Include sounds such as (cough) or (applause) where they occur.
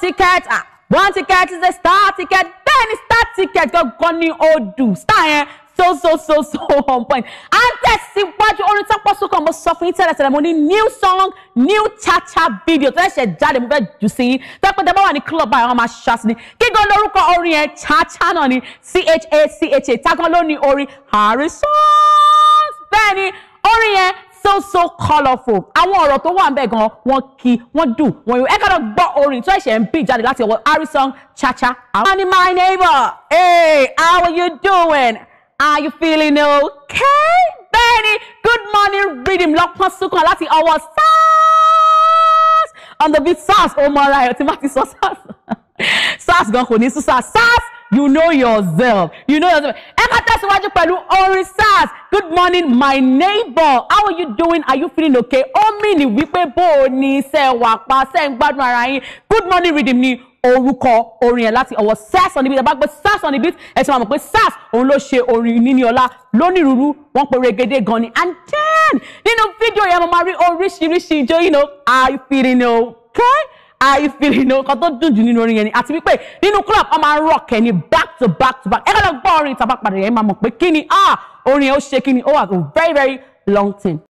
ticket ah one ticket is a star ticket Then star ticket gangan ni all do star yẹn so so so so (laughs) on point à ń What you only talk about so come fún yín tẹ́lẹ̀ tẹ́lẹ̀ mo ní new song new cha-cha video tó ṣẹ̀ṣẹ̀ jáde mo fẹ́ jù sí yín tó pẹ́ dẹ́gbẹ́ club by wọ́n máa ṣá sí ni kíkọ́ lórúkọ orin yẹn cha-cha náà ni c-h-a c-h-a tágán ló ní orin àrísọ́ọ̀sì bẹ́ẹ̀ ni so colourful àwọn ọ̀rọ̀ tó wà ń bẹ̀ gan wọ́n kí wọ́n dùn wọ́n yóò ẹ ká lọ gbọ́ orin tó ẹ̀ṣẹ̀ ń bì jáde láti ọwọ́ Harrison Chacha. àwọn ni my neighbor hey how are you doing are you feeling okay bẹ́ẹ̀ good morning rhythm lọ́pọ̀ sunkàn láti ọwọ́ SARS on the beat SARS ó mọ ara ẹ̀ tí má ti sọ SARS (laughs) SARS gan kò ní sùn SARS SARS you know yourself you know yourself ẹ ká tẹ̀síwájú pẹ̀lú orin sars good morning my neighbor how are you doing are you feeling okay ó ni ní wípé bó o ní iṣẹ́ wà pa ṣe ń gbádùn ara yín good morning rhythm ni orúkọ orin ẹ̀ láti ọwọ́ sars on the beat ẹ bá gbé sars on the beat ẹ ti máa mọ̀ pé sars òun ló ṣe orin níní ọlá lónírúurú wọn pe regede gan ni and then nínú fídíò yẹn mo máa rí oríṣiríṣi ijó yìí you know i feeling okay i feel you know nǹkan tó dùn jù nínú orin yẹn ni àti wípé nínú club ọ máa rock ẹ back to back to back ẹ kọ́ lọ gbọ́ orin ìtàpá padà yẹn máa mọ̀ pé kí ni ah orin yẹn ó ṣe kí ni ó wà very very long time.